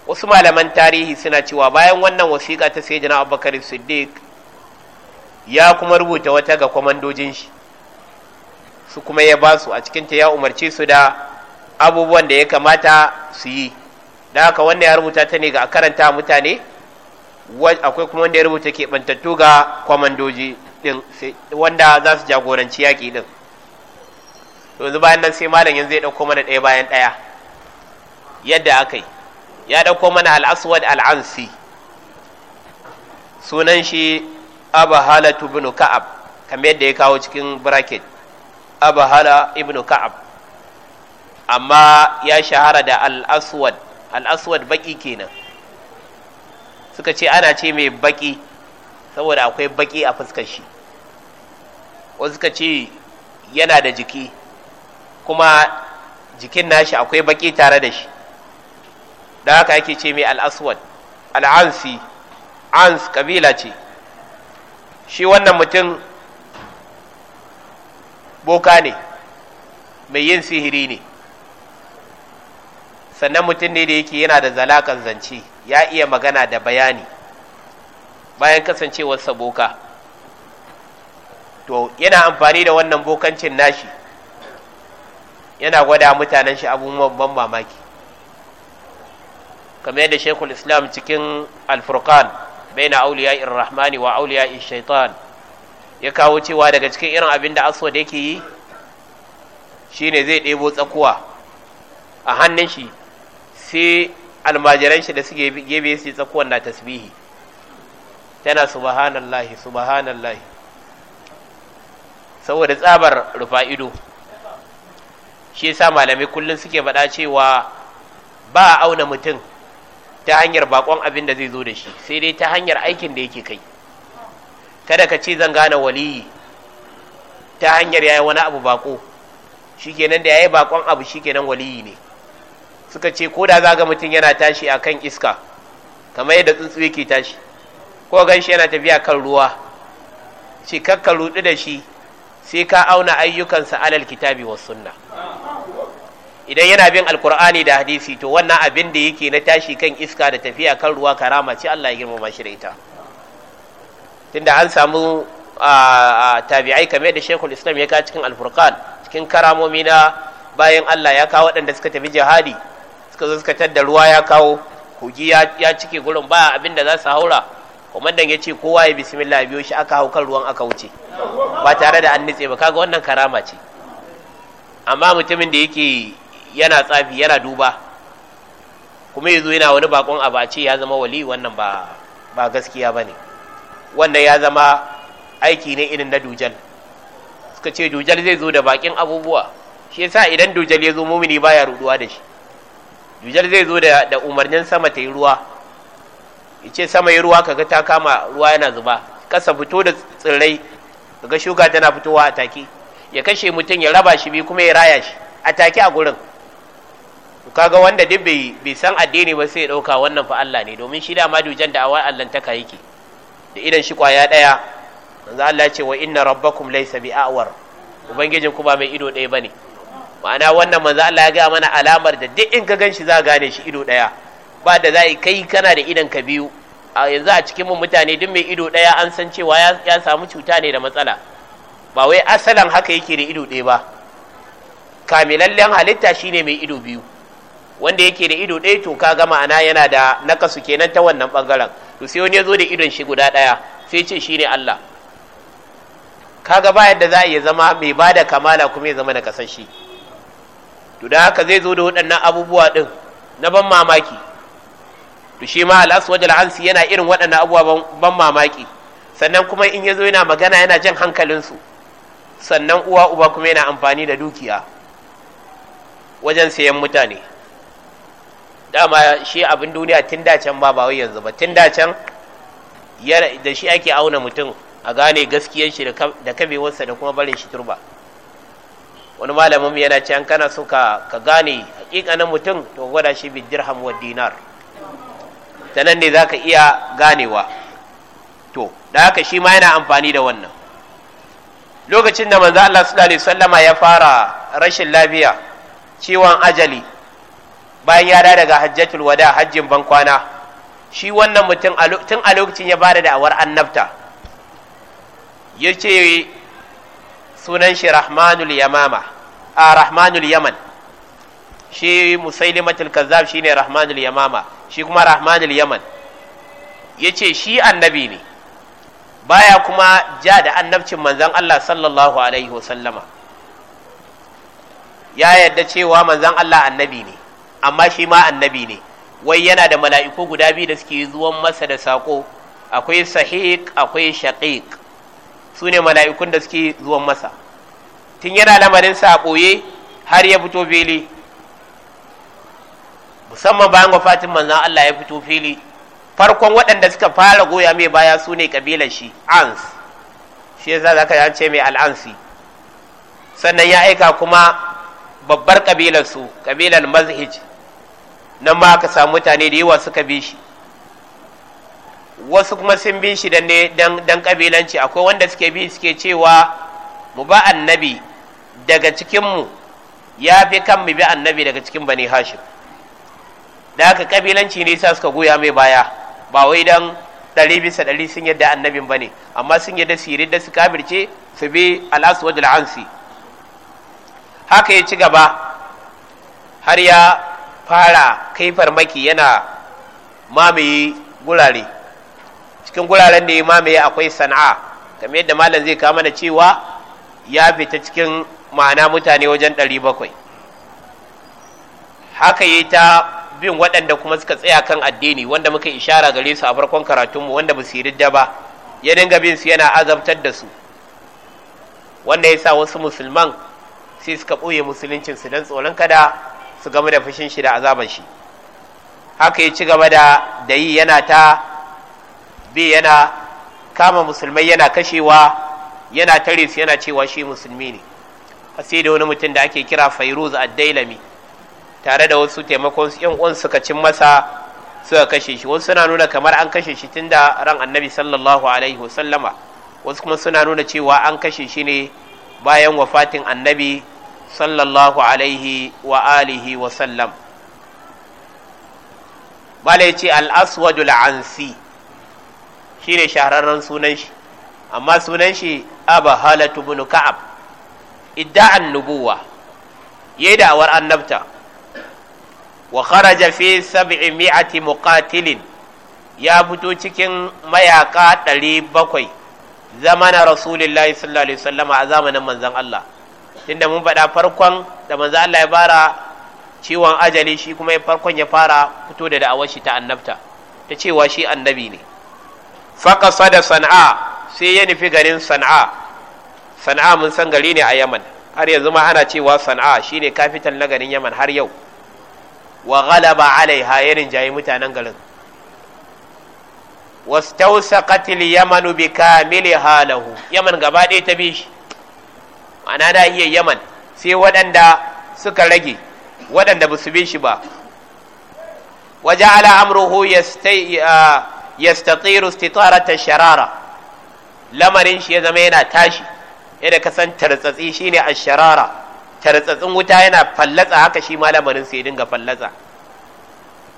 wasu malaman tarihi suna cewa bayan wannan wasiƙa ta sai jina abubakar siddiq ya kuma rubuta wata ga kwamandojin shi su kuma ya ba su a cikinta ya umarci su da abubuwan da ya kamata su yi da haka wannan ya rubuta ta ne ga karanta mutane akwai kuma wanda ya rubuta keɓantattu ga kwamandoji din wanda za su jagoranci yaƙi din? yanzu bayan nan sai malam yanzu ya ɗauko mana ɗaya bayan ɗaya yadda aka yi ya dauko mana al'aswad al'ansi sunan shi abu halatu binu ka'ab kamar yadda ya kawo cikin bracket abahala ibnu ka'ab amma ya shahara da al-aswad al-aswad baki kenan suka ce ana ce mai baki saboda akwai baki a fuskar shi wasu suka ce yana da jiki kuma jikin nashi akwai baki tare da shi da haka yake ce mai al-aswad al-ansi ans kabila ce shi wannan mutum boka ne mai yin sihiri ne sannan mutum ne da yake yana da zalakan zance ya iya magana da bayani bayan kasancewarsa boka to yana amfani da wannan bokancin nashi yana gwada mutanen shi abubuwan ban mamaki kamar yadda shekul islam cikin alfurkan bai na auliya irrahmani wa auliya shaitan ya kawo cewa daga cikin irin abin da aswad yake yi shi ne zai ɗebo tsakuwa a hannun shi sai almajiran shi da suke gebe su tsakuwan na tasbihi tana subhanallahi subhanallahi saboda tsabar rufa ido shi sa malamai kullum suke faɗa cewa ba a auna mutum ta hanyar bakon abin da zai zo da shi sai dai ta hanyar aikin da yake kai kada ka ce zan gane waliyi ta hanyar yayi wani abu bako shikenan da yayi bakon abu shikenan waliyi ne suka ce ko da zaga mutum yana tashi akan iska kamar yadda tsuntsu yake tashi ko gan shi yana tafiya kan ruwa shi kakka rudu da shi sai ka auna ayyukansa alal kitabi wa sunna idan yana bin alkur'ani da hadisi to wannan abin da yake na tashi kan iska da tafiya kan ruwa karama ce Allah ya girmama shi da ita tunda an samu tabi'ai kamar da shekul islam ya kawo cikin alfurkan cikin karamomi na bayan allah ya kawo waɗanda suka tafi jihadi suka zo suka tadda ruwa ya kawo kogi ya cike gurin ba abin da za su haura kwamandan ya ce kowa ya bismillah biyo shi aka hau kan ruwan aka wuce ba tare da an nitse ba kaga wannan karama ce amma mutumin da yake yana tsafi yana duba kuma yanzu yana wani bakon abu a ce ya zama wali wannan ba gaskiya ba ne wannan ya zama aiki ne irin na dujal suka ce dujal zai zo da bakin abubuwa shi yasa idan dujal ya zo mumini baya ruduwa da shi dujal zai zo da umarnin sama ta yi ruwa Ya ce sama yi ruwa kaga ta kama ruwa yana zuba kasa fito da tsirrai kaga shuka tana fitowa a take ya kashe mutum ya raba shi bi kuma ya raya shi a take a gurin kaga wanda duk bai san addini ba sai ya ɗauka wannan fa Allah ne domin shi da ma dujan da awa Allah taka yake da idan shi kwaya ɗaya, manzo Allah ce wa inna rabbakum laysa awar, ubangijin ku ba mai ido ɗaya bane ma'ana wannan manzo Allah ya ga mana alamar da duk in ka ganshi za gane shi ido ɗaya ba da zai kai kana da idan ka biyu a yanzu a cikin mu mutane duk mai ido ɗaya an san cewa ya samu cuta ne da matsala ba wai asalan haka yake da ido daya ba kamilallen halitta shine mai ido biyu wanda yake da ido ɗaya to ka ga ma'ana yana da nakasu kenan ta wannan bangaren to sai wani ya zo da idon shi guda ɗaya sai ce shi ne Allah kaga ba yadda za a iya zama mai ba da kamala kuma ya zama na shi to da haka zai zo da waɗannan abubuwa ɗin na ban mamaki to shi ma wajen ansi yana irin waɗannan abubuwa ban mamaki sannan kuma in ya zo yana magana yana jan hankalinsu sannan uwa uba kuma yana amfani da dukiya wajen sayan mutane dama shi abin duniya tun da can ba ba yanzu ba tun da can da shi ake auna mutum a gane gaskiyar shi da kabewarsa da kuma barin shi turba wani malamin yana ce an kana so ka gane hakikanin mutum to gwada shi bi dirham wa dinar ta nan ne za ka iya ganewa to da haka shi ma yana amfani da wannan lokacin da manzo Allah sallallahu alaihi wasallama ya fara rashin lafiya ciwon ajali bayan ya dawo daga hajjatul wada hajjin ban kwana shi wannan mutum tun a lokacin ya bada da'awar annabta ya ce sunan shi rahmanul yamama a rahmanul yaman shi musailimatul kazzab shine rahmanul yamama shi kuma rahmanul yaman ya ce shi annabi ne baya kuma ja da annabcin manzan Allah sallallahu alaihi wasallama ya yadda cewa manzan Allah annabi ne amma shi ma annabi ne wai yana da mala'iku guda biyu da suke zuwan masa da sako akwai sahiq akwai shaqiq su ne mala'ikun da suke zuwan masa tun yana lamarin sa a ɓoye har ya fito fili musamman bayan wafatin manzan Allah ya fito fili farkon waɗanda suka fara goya mai baya su ne ƙabilar shi ans shi yasa za ka ce mai al'ansi sannan ya aika kuma babbar ƙabilar su ƙabilar mazhij nan ma aka samu mutane da yawa suka bi shi wasu kuma sun bi shi dan kabilanci akwai wanda suke bi suke cewa mu ba annabi daga cikinmu ya fi kan mu bi annabi daga cikin bani hashim da haka kabilanci ne sa suka goya mai baya ba wai dan ɗari bisa ɗari sun yadda annabin ba amma sun yadda sirri da su kabirce su bi al'aswad hansi. haka ya ci gaba har ya fara kai farmaki yana mamaye gurare cikin guraren da ya mamaye akwai sana'a kamar yadda malam zai kama da cewa ya fita cikin ma'ana mutane wajen ɗari bakwai haka yi ta bin waɗanda kuma suka tsaya kan addini wanda muka ishara gare su a farkon karatunmu wanda ba su yi ba ya dinga bin su yana azabtar da su wanda ya sa wasu musulman sai suka ɓoye musuluncin su don tsoron kada su gamu da fushin shi da azaban shi haka ya ci gaba da da yi yana ta bi yana kama musulmai yana kashewa yana tare su yana cewa shi musulmi ne sai da wani mutum da ake kira fairuz addailami tare da wasu taimakon yan uwan suka cin masa suka kashe shi wasu suna nuna kamar an kashe shi tunda ran annabi sallallahu alaihi wasallama wasu kuma suna nuna cewa an kashe shi ne bayan wafatin annabi sallallahu alaihi wa alihi wa sallam bala ya ce al'aswajul ansi shi ne shahararren sunan shi amma sunan shi aba halatu bin ka'ab idda'an nubuwa ya yi da'awar annabta wa kharaja fi sab'i mi'ati muqatilin ya fito cikin mayaka ɗari bakwai zamanin rasulullahi sallallahu alaihi wasallam a zamanin manzon Allah tunda mun faɗa farkon da manzo Allah ya bara ciwon ajali shi kuma farkon ya fara fito da da'awar shi ta annabta ta cewa shi annabi ne faƙasa da San'a sai ya nufi garin San'a. San'a mun san gari ne a yaman har yanzu ma ana cewa san'a shine kafitan na garin yaman har yau wa ghalaba alaiha ya rinjaye mutanen garin wastawsaqatil yamanu bikamiliha halahu. yaman gaba ɗaya ta bi shi ma'ana da iya yaman sai waɗanda suka rage waɗanda ba su bi shi ba waje ala amruhu yastatiru istitarata sharara lamarin shi ya zama yana tashi yadda kasan tartsatsi shine asharara tartsatsin wuta yana fallatsa haka shi ma lamarin sai dinga fallatsa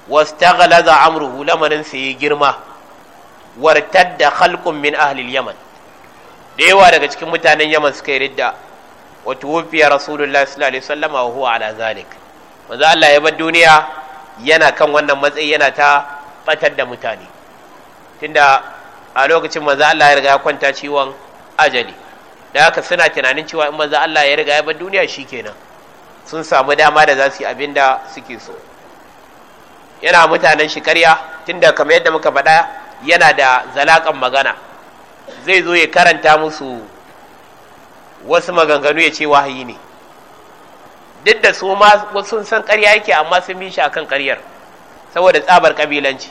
wastaghlaza amruhu lamarin sai girma wartadda khalqun min ahli yaman da yawa daga cikin mutanen yaman suka yi ridda wa tuwfiya rasulullahi sallallahu alaihi wasallam wa huwa ala zalik manzo Allah ya bar duniya yana kan wannan matsayi yana ta batar da mutane tunda a lokacin manzo Allah ya riga ya kwanta ciwon ajali da haka suna tunanin cewa in manzo Allah ya riga ya bar duniya shikenan sun samu dama da za su yi abin da suke so yana mutanen shi karya tunda kamar yadda muka faɗa yana da zalakan magana zai zo ya karanta musu wasu maganganu ya ce wahayi ne duk da su ma sun san ƙarya yake amma sun bi shi a kan ƙaryar saboda tsabar kabilanci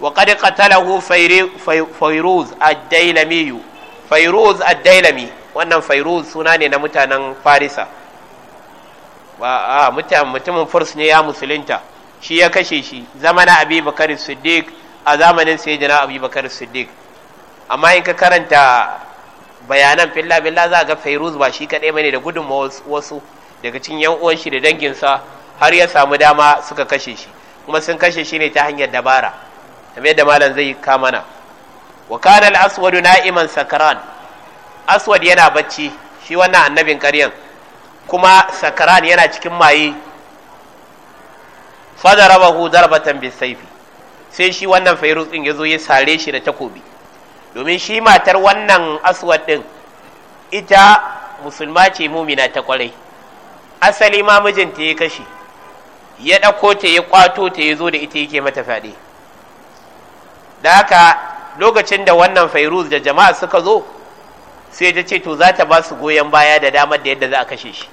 wa qad qatalahu fairuz ad-dailami fairuz ad-dailami wannan fairuz suna ne na mutanen farisa ba mutumin furs ne ya musulunta shi ya kashe shi na abi bakar siddiq a zamanin jana abi bakar siddiq amma in ka karanta bayanan filla billa za ga fairuz ba shi kaɗai bane da gudun wasu daga cikin yan uwan shi da danginsa har ya samu dama suka kashe shi kuma sun kashe shi ne ta hanyar dabara kamar yadda malam zai kamana wa kana al-aswadu na'iman sakran aswad yana bacci shi wannan annabin ƙaryan kuma sakran yana cikin maye fadarabahu darbatan bisayfi sai shi wannan fairuz din yazo ya sare shi da takobi domin shi matar wannan aswad ɗin ita musulma ce mumina ta kwarai asali ma mijinta ya kashe ya ɗauko ta ya kwato ta ya zo da ita yake mata fyaɗe da haka lokacin da wannan fairuz da jama'a suka zo sai ta ce to za ta ba su goyon baya da damar da yadda za a kashe shi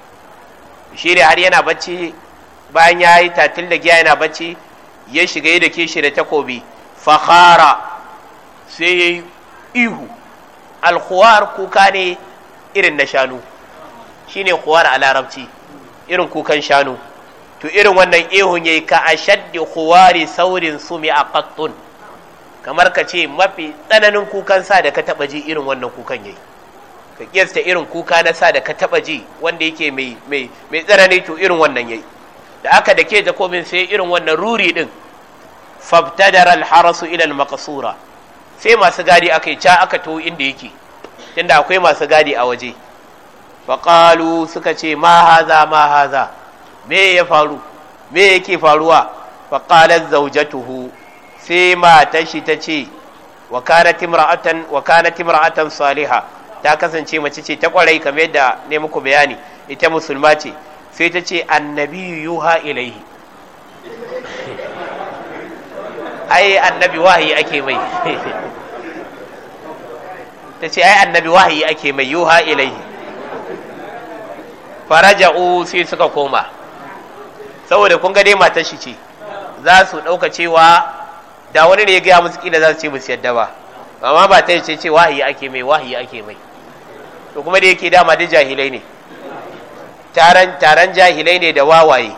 shi har yana bacci bayan ya yi tatil da giya yana bacci ya shiga yi da ke da takobi fahara sai ya yi ihu alkhuwar kuka ne irin na shanu ne kuwar a larabci irin kukan shanu to irin wannan ihun yi ka ashaddi khuwari saurin sumi a faktun kamar ka ce mafi tsananin kukan sa da ka taba ji irin wannan kukan ya yi ka kiyasta irin kuka na sa da ka taba ji wanda yake mai mai tsanani to irin wannan ya yi da aka da ke jakomin sai irin wannan ruri din fabtadara alharasu ilal makasura. sai masu gadi aka yi ca aka to inda yake tunda akwai masu gadi a waje faƙalu suka ce ma haza ma haza me ya faru me yake faruwa faƙalar zaujatuhu sai matar shi ta ce wa timra'atan saliha ta kasance mace ce ta kwarai kamar yadda ne muku bayani ita musulma ce sai ta ce annabi yuha ilaihi (laughs) ai annabi wahayi ake mai (laughs) ta ce ai annabi wahayi ake mai yuha ilaihi faraja'u sai suka koma saboda kun ga dai matar shi ce za su ɗauka cewa da wani ne ya gaya musu kila za su ce musu yadda ba amma ba ta ce ce wahayi ake mai wahayi ake mai to kuma da yake dama da jahilai ne taron taran jahilai ne da wawaye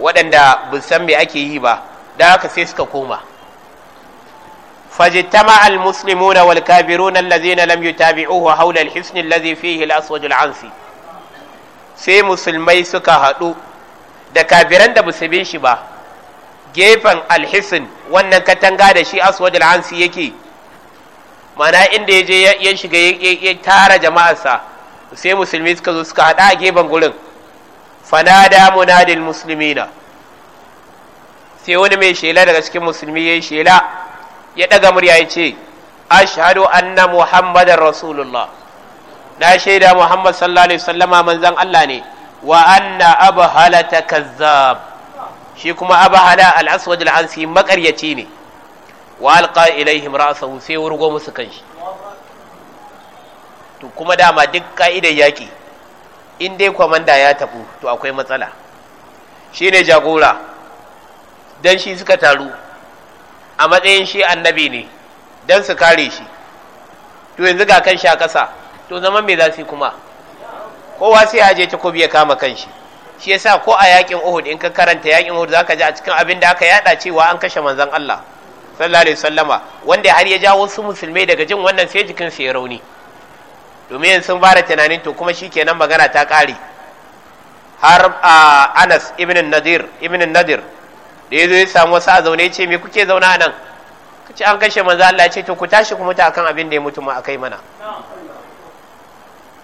waɗanda bu san me ake yi ba da haka sai suka koma فاجتمع المسلمون والكافرون الذين لم يتابعوه حول الحصن الذي فيه الأسود العنسي sai musulmai suka haɗu da kafiran da basu bin shi ba gefen alhisin wannan katanga da shi aswad al'ansi yake mana inda ya je ya shiga ya tara jama'arsa sai musulmi suka zo haɗa a gefen gurin fanada munadil muslimina sai wani mai shela daga cikin musulmi ya yi shela ya ɗaga murya ya ce ashhadu anna muhammadar rasulullah na shaida muhammad sallallahu alaihi wasallama manzan Allah ne wa anna abhala takazzab shi kuma abhala al-aswad al-ansi makaryaci ne wa alqa ilaihim ra'sahu sai wurgo musu kanshi to kuma dama duk ka'idar yaki in dai kwamanda ya tafi to akwai matsala shine jagora dan shi suka taru a matsayin shi annabi ne don su kare shi to yanzu ga kan sha kasa to zaman me za su kuma kowa sai ya je takobi ya kama kan shi ya shi sa ko a yakin Uhud in ka karanta yakin Uhud za ka ji a cikin abin da aka yada cewa an kashe manzan Allah sallallahu alaihi wanda har ya jawo wasu musulmai daga jin wannan sai jikin su ya rauni domin sun fara tunanin to kuma shi shikenan magana ta kare har a ah, Anas ibn Nadir ibn Nadir da ya zo ya samu wasu a zaune ce me kuke zauna nan ka an kashe manzo Allah ce to ku tashi ku mutu akan abin da ya mutu ma akai mana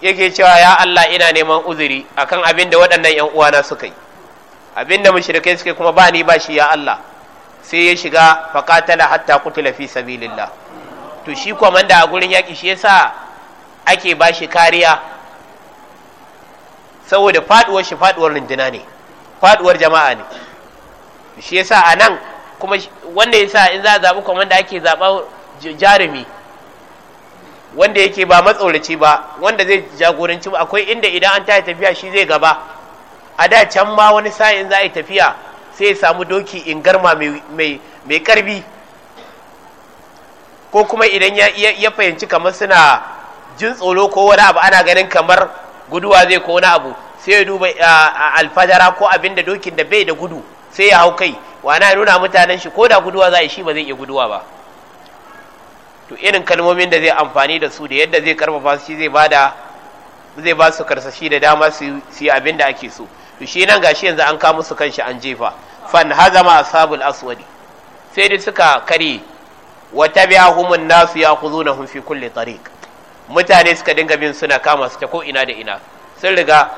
yake cewa ya Allah ina neman uzuri akan abin da waɗannan ƴan uwana suka yi abin da mushrikai suka kuma ba ni ba shi ya Allah sai ya shiga faqatala hatta qutila fi sabilillah to shi manda a gurin yaki shi yasa ake ba shi kariya saboda faduwar shi faduwar runduna ne faduwar jama'a ne shi yasa a nan kuma wanda yasa in za a zaɓi kwamanda ake zaɓa jarumi wanda yake ba matsoraci ba wanda zai jagoranci ba akwai inda idan an taya tafiya shi zai gaba a da can ma wani sa in za a yi tafiya sai ya samu doki in garma mai karbi ko kuma idan ya fahimci kamar suna jin tsoro ko wani abu ana ganin kamar guduwa zai ko wani abu sai ya duba alfajara ko abin da dokin da bai da gudu sai ya hau kai wana nuna mutanen shi ko da guduwa za a shi ba zai iya guduwa ba to irin kalmomin da zai amfani da su da yadda zai karfafa su zai da zai ba su karsashi da dama su yi abin da ake so to shi nan gashi yanzu an kama su kanshi an jefa fan hazama sabul aswadi sai dai suka kare wa tabi'ahumun nasu ya ya'khudunahum fi kulle tariq mutane suka dinga bin suna kama su ta ko ina da ina sun riga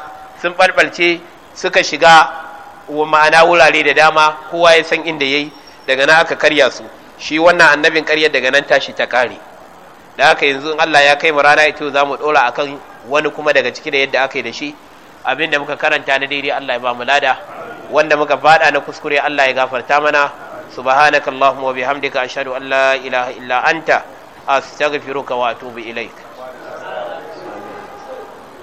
sun ɓalɓalce, suka shiga ma'ana wurare da dama kowa ya san inda yayi daga nan aka karya su shi wannan annabin karya daga nan tashi ta kare da haka yanzu in Allah ya kai mu rana ita za mu dora akan wani kuma daga ciki da yadda aka yi da shi da muka karanta na daidai Allah ya ba mu lada wanda muka fada na kuskure Allah ya gafarta mana subhanakallahumma wa bihamdika ashhadu an la ilaha illa anta astaghfiruka wa atubu ilaik